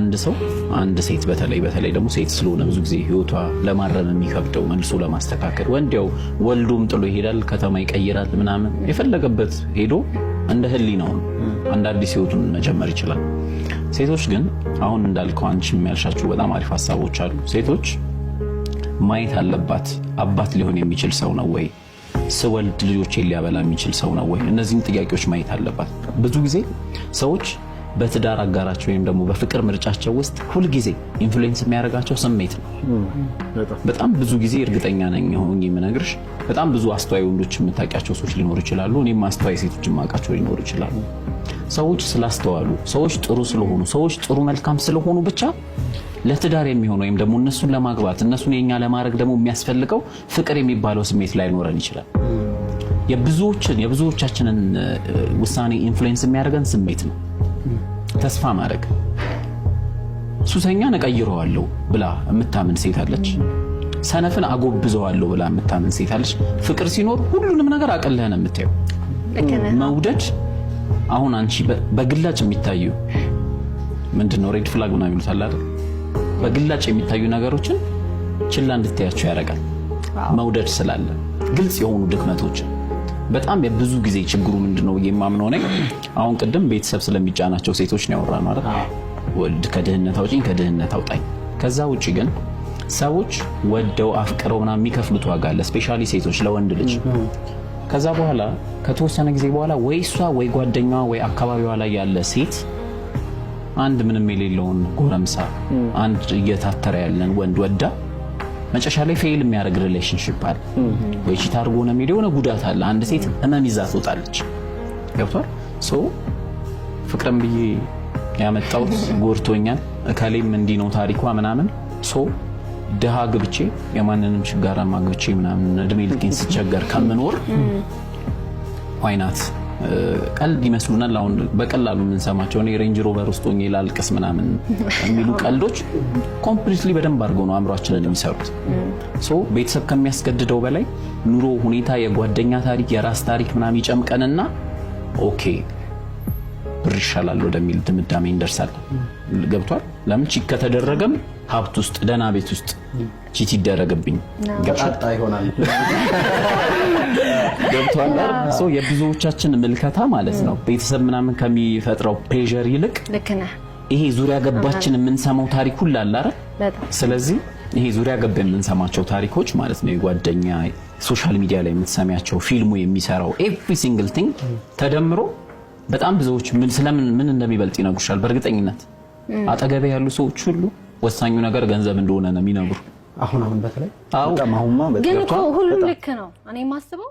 አንድ ሰው አንድ ሴት በተለይ በተለይ ደግሞ ሴት ስለሆነ ብዙ ጊዜ ህይወቷ ለማረም የሚከብደው መልሶ ለማስተካከል ወንድ ያው ወልዶም ጥሎ ይሄዳል፣ ከተማ ይቀይራል፣ ምናምን የፈለገበት ሄዶ እንደ ህሊናው ነው አንድ አዲስ ህይወቱን መጀመር ይችላል። ሴቶች ግን አሁን እንዳልከው አንቺ የሚያልሻቸው በጣም አሪፍ ሀሳቦች አሉ። ሴቶች ማየት አለባት አባት ሊሆን የሚችል ሰው ነው ወይ ስወልድ ልጆቼ ሊያበላ የሚችል ሰው ነው ወይ? እነዚህን ጥያቄዎች ማየት አለባት። ብዙ ጊዜ ሰዎች በትዳር አጋራቸው ወይም ደግሞ በፍቅር ምርጫቸው ውስጥ ሁልጊዜ ኢንፍሉዌንስ የሚያደርጋቸው ስሜት ነው። በጣም ብዙ ጊዜ እርግጠኛ ነኝ ሆኜ የምነግርሽ በጣም ብዙ አስተዋይ ወንዶች የምታውቂያቸው ሰዎች ሊኖሩ ይችላሉ። እኔም አስተዋይ ሴቶች የማውቃቸው ሊኖሩ ይችላሉ። ሰዎች ስላስተዋሉ፣ ሰዎች ጥሩ ስለሆኑ፣ ሰዎች ጥሩ መልካም ስለሆኑ ብቻ ለትዳር የሚሆን ወይም ደግሞ እነሱን ለማግባት እነሱን የኛ ለማድረግ ደግሞ የሚያስፈልገው ፍቅር የሚባለው ስሜት ላይኖረን ይችላል። የብዙዎችን የብዙዎቻችንን ውሳኔ ኢንፍሉዌንስ የሚያደርገን ስሜት ነው። ተስፋ ማድረግ ሱሰኛ ነቀይረዋለሁ ብላ የምታምን ሴት አለች። ሰነፍን አጎብዘዋለሁ ብላ የምታምን ሴት አለች። ፍቅር ሲኖር ሁሉንም ነገር አቅልህ ነው የምታየው። መውደድ አሁን አንቺ በግላጭ የሚታዩ ምንድን ነው ሬድ ፍላግ ምናምን ይሉት አለ አይደል? በግላጭ የሚታዩ ነገሮችን ችላ እንድታያቸው ያደርጋል። መውደድ ስላለ ግልጽ የሆኑ ድክመቶችን በጣም ብዙ ጊዜ ችግሩ ምንድን ነው የማምነው አሁን ቅድም ቤተሰብ ስለሚጫናቸው ሴቶች ነው ያወራ ማለት ወልድ ከድህነት አውጪኝ ከድህነት አውጣኝ። ከዛ ውጭ ግን ሰዎች ወደው አፍቅረው ምናምን የሚከፍሉት ዋጋ አለ፣ ስፔሻሊ ሴቶች ለወንድ ልጅ። ከዛ በኋላ ከተወሰነ ጊዜ በኋላ ወይ እሷ ወይ ጓደኛዋ ወይ አካባቢዋ ላይ ያለ ሴት አንድ ምንም የሌለውን ጎረምሳ አንድ እየታተረ ያለን ወንድ ወዳ መጨረሻ ላይ ፌል የሚያደርግ ሪሌሽንሽፕ አለ ወይ ቺት አድርጎ ነው የሚል የሆነ ጉዳት አለ። አንድ ሴት ህመም ይዛ ትወጣለች። ገብቷል። ሶ ፍቅርም ብዬ ያመጣሁት ጎድቶኛል፣ እከሌም እንዲህ ነው ታሪኳ ምናምን ሶ ድሃ ግብቼ የማንንም ችጋራማ ግብቼ ምናምን እድሜ ልኬን ስቸገር ከምኖር ዋይናት ቀልድ ይመስሉናል። አሁን በቀላሉ የምንሰማቸው እኔ ሬንጅ ሮቨር ውስጥ ሆኜ ላልቅስ ምናምን የሚሉ ቀልዶች ኮምፕሊትሊ በደንብ አድርገው ነው አእምሯችንን የሚሰሩት። ሶ ቤተሰብ ከሚያስገድደው በላይ ኑሮ ሁኔታ፣ የጓደኛ ታሪክ፣ የራስ ታሪክ ምናምን ይጨምቀንና ኦኬ ብር ይሻላል ወደሚል ድምዳሜ እንደርሳለን። ገብቷል። ለምን ቺክ ከተደረገም ሀብት ውስጥ ደህና ቤት ውስጥ ቺት ይደረግብኝ ገብቷል። የብዙዎቻችን ምልከታ ማለት ነው ቤተሰብ ምናምን ከሚፈጥረው ፕሬዠር ይልቅ ይሄ ዙሪያ ገባችን የምንሰማው ታሪክ ሁላ አለ አይደል? ስለዚህ ይሄ ዙሪያ ገብ የምንሰማቸው ታሪኮች ማለት ነው የጓደኛ ሶሻል ሚዲያ ላይ የምትሰሚያቸው ፊልሙ የሚሰራው ኤቭሪ ሲንግል ቲንግ ተደምሮ በጣም ብዙዎች ምን ስለምን ምን እንደሚበልጥ ይነግሩሻል። በእርግጠኝነት አጠገቤ ያሉ ሰዎች ሁሉ ወሳኙ ነገር ገንዘብ እንደሆነ ነው የሚነግሩ። አሁን አሁን በተለይ ግን ሁሉም ልክ ነው እኔ የማስበው